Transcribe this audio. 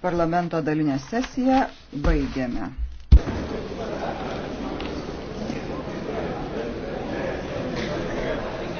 parlamento dalinę sesiją baigiame